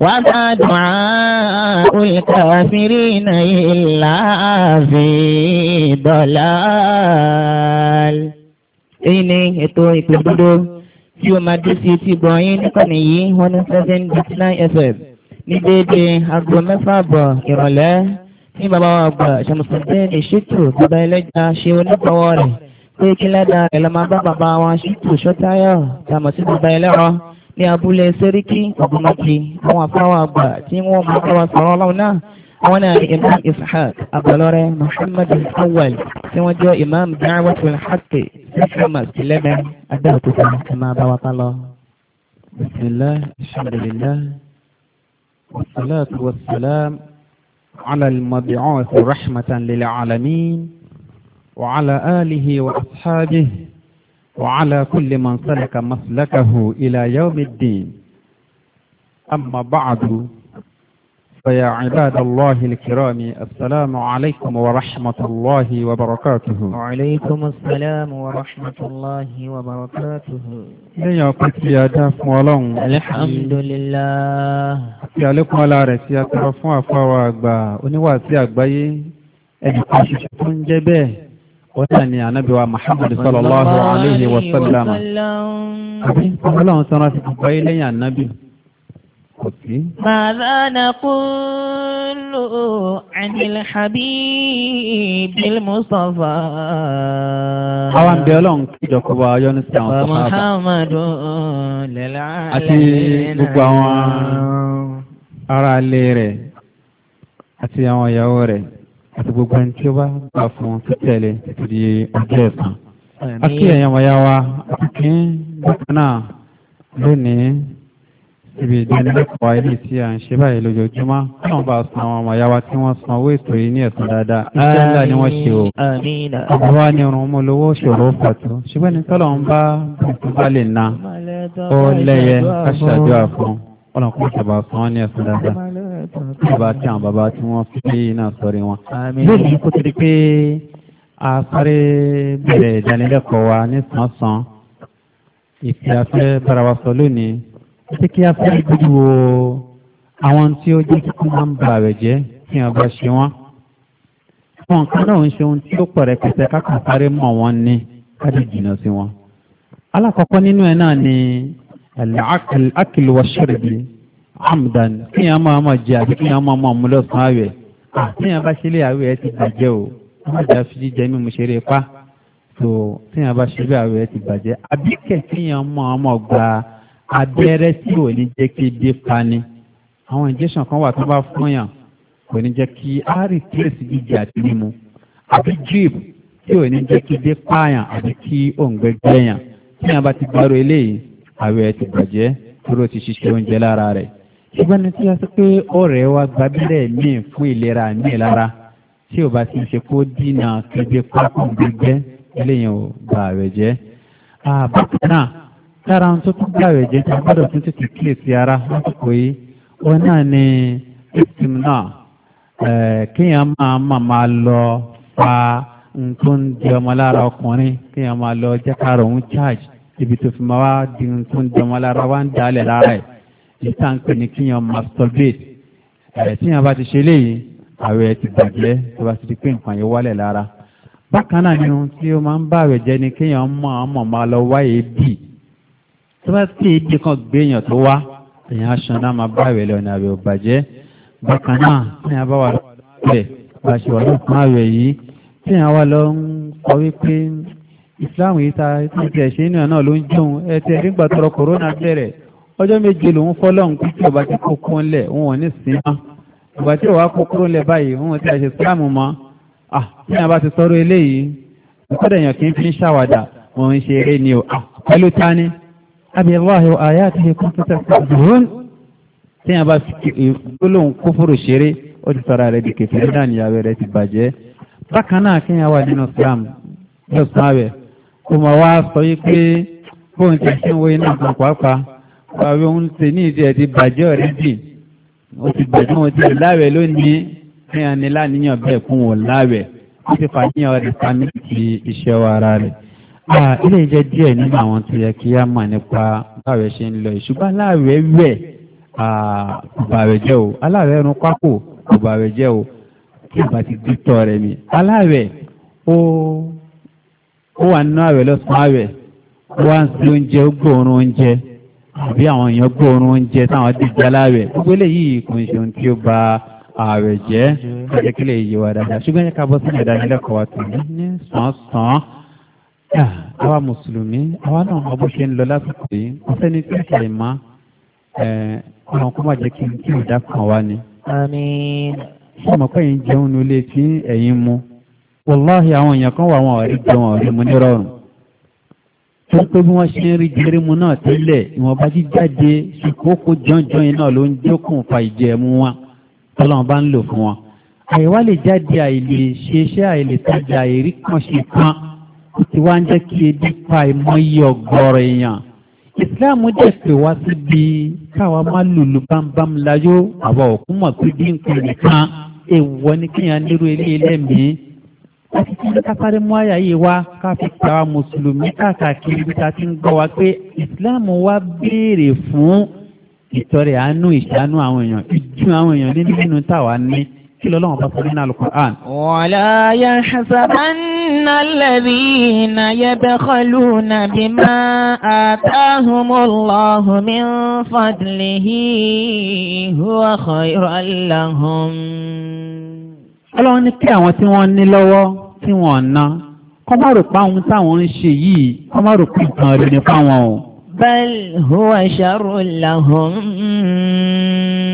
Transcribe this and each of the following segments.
وما دعاء الكافرين إلا في ضلال èyí ni ètò ìpèdúdó tí ó máa dé sí ti gbọ̀n yín nìkànnì yìí one oh seven point nine fm ní déédéé aago mẹ́fà àbọ̀ ìrọ̀lẹ́ ní bàbá wa àgbà ṣàmùsùnfẹ́ ìṣètò bàbá ẹlẹ́jà ṣe onígbọ̀wọ́ rẹ̀ pé kí lẹ́dàá rẹ̀ lọ́ máa bá bàbá wa ṣètò ṣọ́táyọ̀ tàmọ̀ sí bàbá ẹlẹ́rọ ní abúlé sẹ́ríkì ọ̀gbọ̀nmọ́kì àwọn afáwà àgbà tí wọ́n máa fáwà sọ̀rọ̀ ọlọ́run náà àwọn náà ni imam ishaq abdulọ́rẹ́ muhammad awal tí wọ́n jẹ́ imam da'watul haqqi sẹ́fẹ̀mà tìlẹ́mẹ́ adáàkúta ẹ̀ máa bá wa ká lọ. bismillah alhamdulillah wasalaatu wasalaam ala al rahmatan lil alamin wa ala alihi wa ashabihi. وعلى كل من سلك مسلكه إلى يوم الدين أما بعد فيا عباد الله الكرام السلام عليكم ورحمة الله وبركاته وعليكم السلام ورحمة الله وبركاته يا يا داف مولون الحمد لله يا لكم على رسيات رفوع فواقبا ونواسي أقبايي أن تشتون جبه wọ́n ni ànábíwa Muhammad sallallahu alayhi wa sallam ọlọ́run sọ́nà sí ọ̀pọ̀ ilẹ̀yìn ànábí kò sí. Màdá na kúlù ànìlẹ̀ àbí Bíl Mustapha. Àwọn àbí ọlọ́run kíjọ kó bá ọjọ́ ní sí àwọn sọ́nà. Muhammadu lẹ́la àti gbogbo àwọn ará ilé rẹ̀ àti àwọn ìyàwó rẹ̀ àti gbogbo ẹni tí ó bá gbà fún títẹ̀lé títí di ọjọ́ ẹ̀san. akí ẹ̀yàn wáyá wa àti bákan náà lónìí ibi ìdánilẹ́kọ̀ọ́ ilé tí a ń ṣe báyìí lójoojúmọ́ náà bá san àwọn ọmọ yàwá tí wọ́n san owó ètò yìí ní ẹ̀sán dáadáa iṣẹ́ ńlá ni wọ́n ṣe o àbúrò ni irun mú lówó ṣòro pàtó ṣùgbọ́n ní tọ́lọ̀ ń bá bùkún bá lè na ó lẹ́yẹ ká ṣàdúrà ọlọ́kùnrin ṣàbà san ní ẹ̀sán dáadáa bàbá tí àwọn bàbá tí wọ́n fi iná sọrí wọn. lónìí kó tó di pé a sáré bẹ̀rẹ̀ ìdánilẹ́kọ̀ọ́ wa ní sánsan ìfẹ́ afẹ́ bára wa sọ lónìí títí kí a fẹ́ gbójú wo àwọn tí ó jẹ́ kíkọ́ máa ń bà rẹ̀ jẹ́ kí wọ́n bá ṣe wọ́n. àwọn nǹkan náà ń ṣe ohun tí ó pọ̀ rẹpẹtẹ kákan sáré mọ̀ wọ́n ní káàdì jìnnà sí wọn. alákọ̀ọ́kọ́ nínú ẹ̀ náà ni al-akl wa hamdan kí yẹn máa máa jẹ àti kí yẹn máa máa mú lọ́sàn-án àwẹ̀ tí yẹn bá ṣẹlẹ̀ àwẹ̀ ẹ ti bàjẹ́ o má jà fi jíjẹ mímu ṣeré pa tó tí yẹn bá ṣẹlẹ̀ àwẹ̀ ẹ ti bàjẹ́ àbíkẹ́ kí yẹn máa máa gba abẹ́rẹ́ tí ò ní jẹ́ kí dé pani àwọn injection kan wà tó bá fún yàn kò ní jẹ́ kí á replace jíjẹ àti mímu àbí drip tí ò ní jẹ́ kí dé pààyàn àbí kí òǹgbẹ gbẹ̀yàn tí yẹn bá ti gbárò eléyìí àwẹ̀ ẹ ti bàjẹ́ tó ti ṣiṣẹ́ oúnjẹ lára rẹ̀ ṣùgbọ́n ní tí a sọ pé ọ̀rẹ́ wa gbàbílẹ̀ míì fún ìlera míì lára tí ò bá ti ṣe kó dínà kẹgbẹ́ pákó gbẹgbẹ́ eléyìí ò bà rẹ̀ jẹ́. àbákan náà lára ohun tó tún bà rẹ̀ jẹ́ tí a gbọ́dọ̀ tún tètè kíyèsí ara lásìkò yìí wọn náà ni victim náà kéèyàn máa máa máa lọ fa nǹkan ń di ọmọ lára ọkùnrin kéèyàn máa lọ jẹ́ ká rò ń charge ibi tó fi máa wá di nǹkan ń di ọmọ lára wá ń dalẹ̀ lára ẹ̀ ìta ń pè ní kíyàn masturbate ẹ̀ tíyàn bá ti ṣe léyìí àwẹ̀ ti bàjẹ́ tó bá ti di pé nǹkan yẹn wálẹ̀ lára bákan náà ni ohun tí ó máa ń bá àwẹ̀ jẹ́ ni kíyàn mọ̀ ọ́n mọ̀ máa lọ wá èébì tó bá ti èébì kan gbéyàn tó wá èèyàn aṣọ náà máa bá àwẹ̀ lọ ní àwẹ̀ ò bàjẹ́ bákan náà tíyàn bá wà lọ́wọ́ bá ṣe wà lókun àwẹ̀ yìí tíyàn wà lọ ń sọ wípé Islam yìí ta ti ṣe ìṣe náà ló ń jóun ẹ ti ẹ̀rí gbàtọ̀rọ̀ kòrónà bẹ̀rẹ̀ ọjọ́ méje lòun fọ́lọ́hún kú tí ọba ti kó kún lẹ̀ wọn ò ní sìn mọ́ ọba tí òwá kó kúrò lẹ̀ báyìí wọn ò ti àṣẹ sílámù mọ́ à tí wọn bá ti sọ̀rọ̀ eléyìí nǹkan èèyàn kì í fi ń ṣàwàdà òun ṣe eré ni o pẹ̀lú tani àbí aláhi ayé àti ikún tó tẹ̀sí àdúrún tí bá fi gbólóhùn kófòrò ṣeré ó ti sọ̀rọ̀ rẹ̀ di kẹfẹ́ nígbà níyàwó rẹ̀ ti bàjẹ́ bákan náà Bàbá òun ṣe ní ìdí ẹ̀ ti bàjẹ́ ọ̀rẹ́ dì. Ó ti bàjẹ́ wọn ti láwẹ̀ lónìí ní àní láníyàn bẹ́ẹ̀ kún wọn láwẹ̀. Ó ti fàníyàn rẹ̀ sami ti iṣẹ́ wa ara rẹ̀. Ilé ìjẹ́ díẹ̀ nínú àwọn tó yẹ kí á mọ̀ nípa báwẹ̀ ṣe ń lọ. Ìṣùgbọ́n aláwẹ̀ wẹ̀ kò bàwẹ̀ jẹ́ o. Aláwẹ̀ ẹnu pákó kò bàwẹ̀ jẹ́ o. Kí ìgbà ti dí tọ́ rẹ̀ mi. Aláwẹ̀ ó wà nínú àwẹ̀ lọ́sàn-án àwẹ̀. Wọ́n á ń oúnjẹ ó gbóòórùn oúnjẹ àbí àwọn èèyàn gbóòórùn oúnjẹ táwọn dìjà láàrẹ̀ gbogbo eléyìí kò ń ṣe ohun tí ó ba ààrẹ jẹ́ kẹ́kẹ́lẹ́ yìí wà dáadáa ṣùgbọ́n yẹ ká bọ́ sílẹ̀ ìdánilẹ́kọ̀ọ́ wa tòun ní sàn-án àwa mùsùlùmí àwa náà ọbọ̀ ṣe ń lọ lásìkò yìí kò sẹ́ni tí ó ṣe àwọn kó má jẹ́ kí n kí ìdá kan wá ni. ṣé mo pẹ́ yín jẹun nílé tí ẹ̀yin mu wàláhì àwọn èèyàn kan wà wọn tó pé bí wọ́n ṣe ń rí jẹrìmù náà tẹ́lẹ̀ ìwọ̀nba jíjáde ṣùkókò jọ́njọ́n yìí náà ló ń jókòó fa ìjẹ̀mú wọn tọ́lọ́wọ́n bá ń lò fún wọn. àìwá lè jáde àìlè ṣe iṣẹ́ àìlè tajà àìrí kan ṣe kan ó ti wá ń jẹ́ kí ebi pa ìmọ̀ye ọ̀gọ̀rọ̀ èèyàn. ìsìláàmù dẹ̀ pè wá síbi káwa má lùlù bámbám láyó àwa òkú mọ̀ pé bí nǹkan nìkan èèwọ̀ ni kíyàn nírú ilé ilé àti tí ó kásáré mú àyà yìí wá ká fi pa mùsùlùmí káàkiri bí ta ti ń gbọ́ wa pé islam wá béèrè fún ìtọrẹ àánú ìṣàánú àwọn èèyàn ìjú àwọn èèyàn nínú nínú táwa ní kí lọ́lọ́wọ́n bá sọ nínú alukur'an. wala yahsabanna alladhina yabkhaluna bima atahumullahu min fadlihi huwa khayran lahum ọlọ́run ní kí àwọn tí wọ́n ní lọ́wọ́ tí wọ́n ná kọ́ má rò pa ohun táwọn ń ṣe yìí kọ́ má rò pé nǹkan rẹ̀ ní fáwọn o. bal huwa sharrun lahum.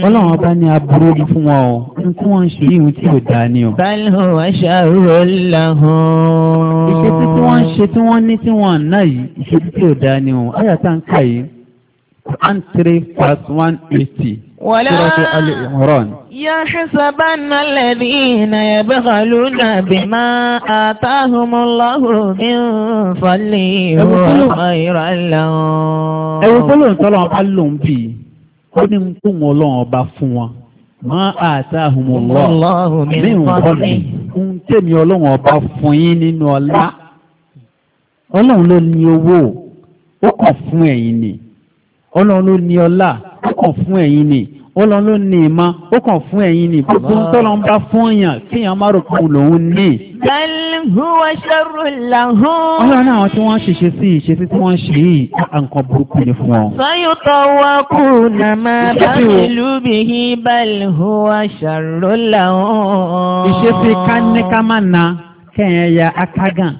ọlọ́run ọba ní aburú ní fún wọn o ní tí wọ́n ń ṣe yìí tí ò dáa ni o. bal huwa sharrun lahum. ìṣètí tí wọ́n ń ṣe tí wọ́n ní tí wọ́n ná yìí ìṣètí tí ò dáa ni o. ayàtà ń kà yìí one three past one eighty. ولا العمران يحسبن الذين يبخلون بما آتاهم الله من فضله خيرا لهم ẹ̀wọ̀n tọ́lọ̀ tọ́lọ̀ ọba ló ń bì í ó ní ń kún ọlọ́run ọba fún wọn ma آتاهم الله من فضله ń tẹ̀mí ọlọ́run ọba fún yín nínú ọlá ọlọ́run ló ní owó ó kàn fún ẹ̀yin ni ọlọ́run ló ní ọlá kàn fún ẹ̀yin ni ọlọ́run ló ní ìmọ̀ ó kàn fún ẹ̀yin ni gbogbo ń tọ́lọ ń bá fún èèyàn kí èèyàn má rò pé òun lòun ní. huwa sharrun àwọn tí wọ́n ṣèṣe sí ìṣesí tí wọ́n ṣe yìí nǹkan burúkú ni fún wọn. sayutawaquna ma ba'ilu bihi bal huwa sharrun lahum. ìṣesí ká ní ká má na kẹ́yìn ya akágàn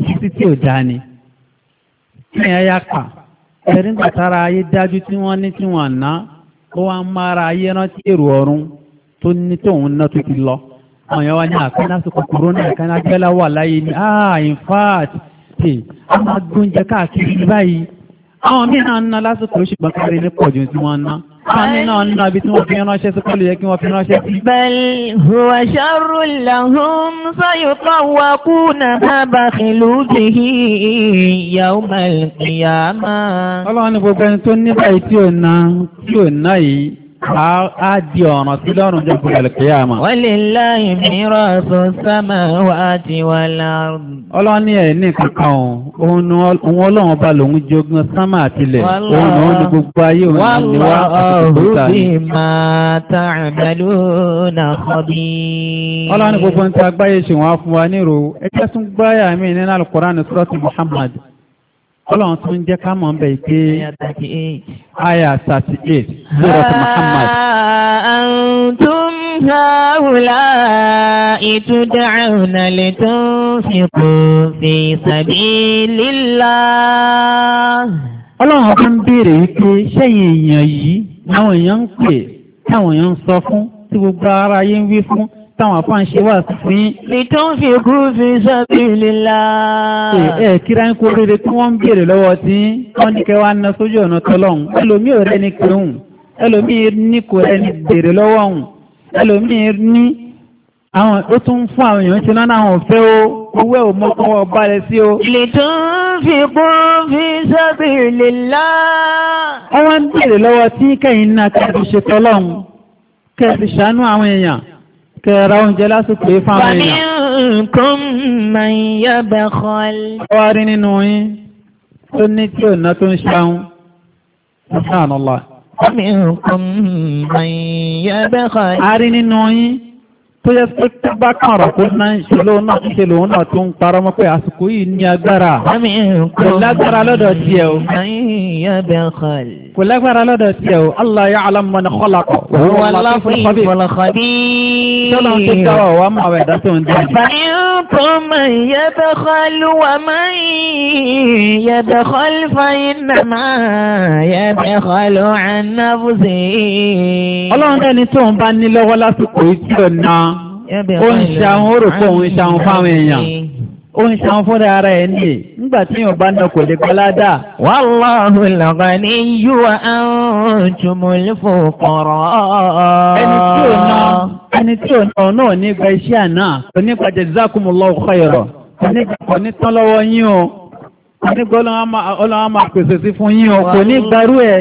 ìṣesí tí ò dáa kẹ́yìn ya kà ẹ̀ríngbà tára ayé dájú tí wọ́n ní tí wọ́n ná ó wá ń mára ayé rántí èrò ọ̀run tó ní tóun ná tó ti lọ àwọn yẹn wá ní àkáná sí kòkòrò náà àkáná gbẹ́lá wà láyé ní ah in fact ṣe a máa gbóúnjẹ káàkiri báyìí àwọn mí náà ń ná lásìkò ṣùgbọ́n kárí ní pọ̀jù tí wọ́n ń ná. Àwọn nínú ọ̀nà ibi tí wọ́n fi ránṣẹ́ sí pẹ̀lú yẹ kí wọ́n fi ránṣẹ́ sí. Bal huwa sharrun lahum sayutawwaquna ma bakhilu bihi yawmal qiyamah. Ọlọ́run ni gbogbo ẹni tó ní báyìí tí ò ná tí ò ná yìí a di ọ̀ràn sí lọ́rùn jẹ́ fún ẹ̀lẹ́kẹ̀yàmà. walillahi mirasu samawati wal ard. ọlọ́ni ẹ̀ ní kankan òun ọlọ́run ọba lòun jogún sánmà àtìlẹ̀ òun òun ní gbogbo ayé òun ní wá àtìkúta ní. bima ta'maluna khabir. ọlọ́ni gbogbo ń ta agbáyé ṣe wọ́n fún wa ní Suratu Muhammad. Ọlọ́run tún jẹ́ ká mọ̀ bẹ̀ pé Aya 38, Zúrọ̀tù Muhammad. Àǹtún haúlá ìtúdà àrùnà lè tó fi kò fi sàbí lílá. Ọlọ́run tún béèrè wípé ṣẹ́yìn èèyàn yìí, àwọn èèyàn ń pè, táwọn èèyàn ń sọ fún, tí gbogbo ara yé wí fún táwọn afá ń ṣe wà sí. lìtọ́ fi kú fi sábìlìlá. ẹ kíra ń kó rere tí wọ́n ń béèrè lọ́wọ́ tí wọ́n ní kẹ́ wá ná sójú ọ̀nà tọ́lọ́hún ẹlòmíì ò rẹ́ni kírun ẹlòmíì ní kò rẹ́ni béèrè lọ́wọ́ ọ̀hún ẹlòmíì ní àwọn ó tún fún àwọn èèyàn ṣe lọ́nà àwọn òfẹ́ o owó ẹ̀ ò mọ kọ́ ọba rẹ̀ sí o. lìtọ́ fi kú fi sábìlìlá. wọ́n ń kẹra oúnjẹ lásìkò ìfàmì ìyà. wàmí nǹkan máa ń yọ̀bẹ̀ kọ́lé. wá rí nínú yín tó ní tí ò ná tó ń ṣàún wàmí nǹkan máa ń yọ̀bẹ̀ kọ́lé. a rí nínú yín tó yẹ pé tó bá kàn rọ̀ kó náà ń ṣe lóun náà ṣe lóun náà tó ń parọ́ mọ́ pé àsìkò yìí ní agbára kò lágbára lọ́dọ̀ tiẹ̀ o kò lágbára lọ́dọ̀ tiẹ̀ o Allah ya'lamu man khalaqa wọ́n wà láfún ìfọlọ́kọ̀ bí. tó lọ́n tó dáwọ̀ máa wẹ̀ dá tó ń فمن يبخل ومن يبخل فإنما يبخل عن نفسه ọlọ́run ẹni tó ń bá ní lọ́wọ́ lásìkò ìjọ náà ó ń ṣe àwọn orò pé òun ṣe àwọn fáwọn èèyàn ó ń ṣan fúnra ara ẹ̀ ní nígbà tí yóò bá náà kò lè gbọ́ládà. Wallahu al-ghaniyyu wa antumul fuqara. ẹni tí ò ná ẹni tí ò ná ọ̀nà ò ní iṣẹ́ àná kò ní gba jazakumullahu khayra kò ní gba kò ní tán lọ́wọ́ yín o. Ànígbà ọlọ́wọ́ máa pèsè sí fún yín ọkọ ní ìgbàrú ẹ̀.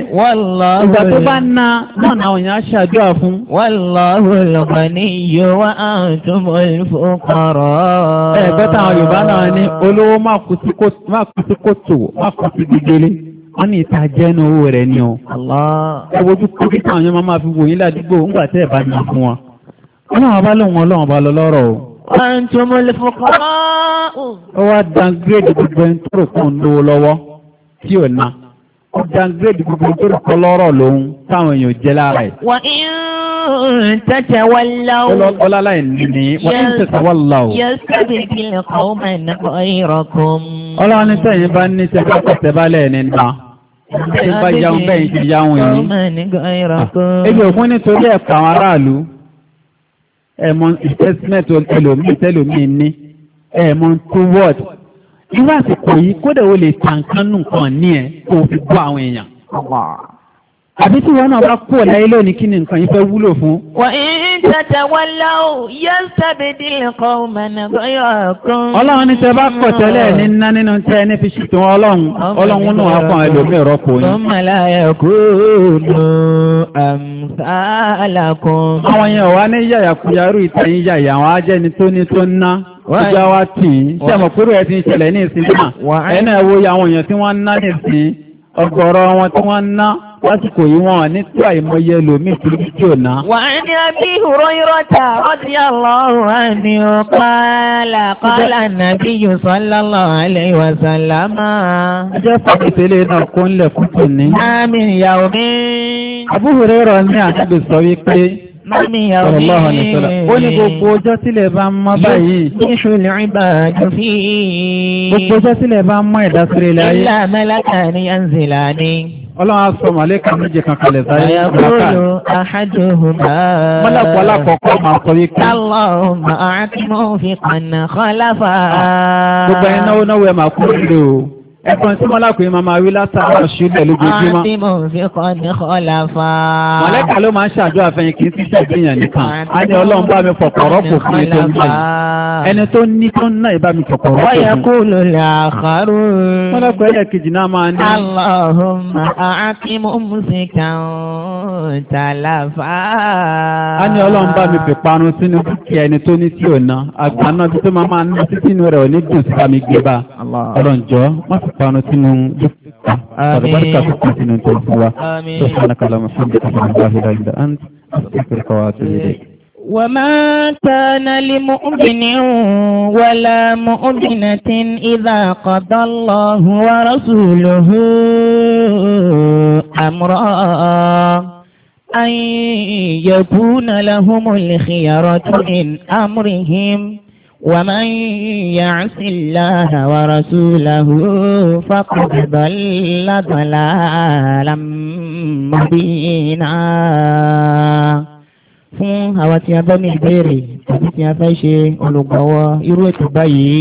Ìgbà tó bá ná náà náà òyìn aṣàdúrà fún. Wallahu al-ghaniyyu wa Ẹ bẹ́tà àwọn Yorùbá náà ní olówó máa kú sí kòtò, máa kú sí gbígbélé. Wọ́n ní ìta jẹ́nu owó rẹ̀ ni Ẹ wojú yẹn máa Ọ̀ntùmù lè fòkọ́rọ́. Ó wá dangrèdì gbogbo ẹni tó rò kún lówó lọ́wọ́ tí ò ná. Ó dangrèdì gbogbo ẹni tó rò kọ́ lọ́rọ̀ lòun táwọn èèyàn jẹ́ lára ẹ̀. Wọ́n ń tẹ̀tẹ̀ wọ́n láwù. Ọlọ́lá ìlú ni wọ́n ń tẹ̀tẹ̀ wọ́n láwù. Yóò sábẹ̀ kí lè kọ́ ọ́ máa ná kọ́ ìrọ̀kùn. Ọlọ́run ní sẹ́yìn bá ní sẹ́yìn bá tẹ̀tẹ̀ bá lẹ̀ ní ná ṣe bá yaun bẹ́ẹ̀ ṣe yaun yìí. ebi òkun nítorí ẹ̀ka àwọn aráàlú ẹ̀mọ investment ẹlòmíì tẹlòmíì ní ẹ̀mọ tó word irú àsìkò yìí kódà ó lè tàǹkánù kan ní ẹ kó o fi gbọ́ àwọn èèyàn àbí tí wọn náà bá kú ọ̀la ilé òní kí ni nǹkan yìí fẹ́ wúlò fún. wà á tètè wọn lọ yẹ sábẹ dílé kan mọ̀nà bọ́yọ̀ kan. ọlọ́run ní sẹ́ bá tẹ́lẹ̀ ní nná nínú tẹ́ ẹni fi ṣètò ọlọ́run ọlọ́run náà fún àwọn ẹlòmíì rọ́pò yín. ọmọ aláya kò nù àmsàlà kan. àwọn yẹn wà ní yàyà kuyarú ìtẹ̀yìn yàyà àwọn ajẹ́ni tó ní tó ń ná wa tì í sẹ́mọ̀ kúrò ẹ̀ ti ń ṣẹlẹ̀ ní ìsìn náà ẹ̀ náà wo àwọn èèyàn tí wọ́n ń ná ní ìsìn wọn tí wọ́n ń ná lásìkò yìí wọn ní tó àìmọye lòmí tó ní tí ò ná. wà á ní abí ìhòrò ìrọ̀tà ọtí ọlọ́run á ní ọ̀páàlà kọ́là nàbí yòsànlọ́lọ́ alẹ́ ìwàsàlámà. ẹjẹ́ fàkìtẹ́lẹ̀ náà kó ń lẹ̀kùn tòní. àmín ìyàwó mi. Abu Hurairah ní àtàbí sọ wípé ó ní gbogbo ọjọ́ tílẹ̀ bá ń mọ́ báyìí gbogbo ọjọ́ tílẹ̀ bá ń mọ́ ìdásílẹ̀ láyé ọlọ́run aṣọ màlẹ́kà méje kan kalẹ̀ sáyé ìgbàkà mọ́lápọ̀ alákọ̀ọ́kọ́ máa sọ wípé ah, gbogbo ẹni náwó náwó ẹ máa kúrò lé o Ẹ̀kan tí mọ́lákùnrin máa máa wí látàrí lójoojúmọ́. Àti mo fi kọ́ ní kọ́lá fa. Mọ̀lẹ́kà ló máa ń ṣàdúrà fẹ́yìn kì í sí ṣàgbéyàn nìkan. A ní ọlọ́run bá mi pọ̀pọ̀rọ́ kò fún mi tó ń bá yìí. Ẹni tó ní tó ń ná ìbá mi pọ̀pọ̀rọ́ kò fún. Wọ́yẹ kú ló lè àkàrò. Mọ́lẹ́kà ẹ̀yẹ kejì náà máa ní. Allahumma àti mo mú bá mi fi parun sínú kí ẹni tó ní tí ò ná. Àgbà náà tó الله سبحانه سنون سبحانك اللهم سبحانك لا إله إلا أنت وما كان لمؤمن ولا مؤمنة إذا قضى الله ورسوله أمرا أن يكون لهم الخيرة من أمرهم ومن يعص الله ورسوله فقد ضل ضلالا مبينا fún àwọn tí a bá ní ìbéèrè tàbí tí a fẹ́ ṣe olùgbọ̀wọ́ irú ètò báyìí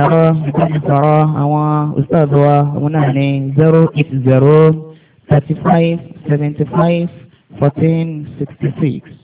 ẹ̀rọ ìbánisọ̀rọ̀ àwọn ustaz wa òun náà ní zero eight zero thirty five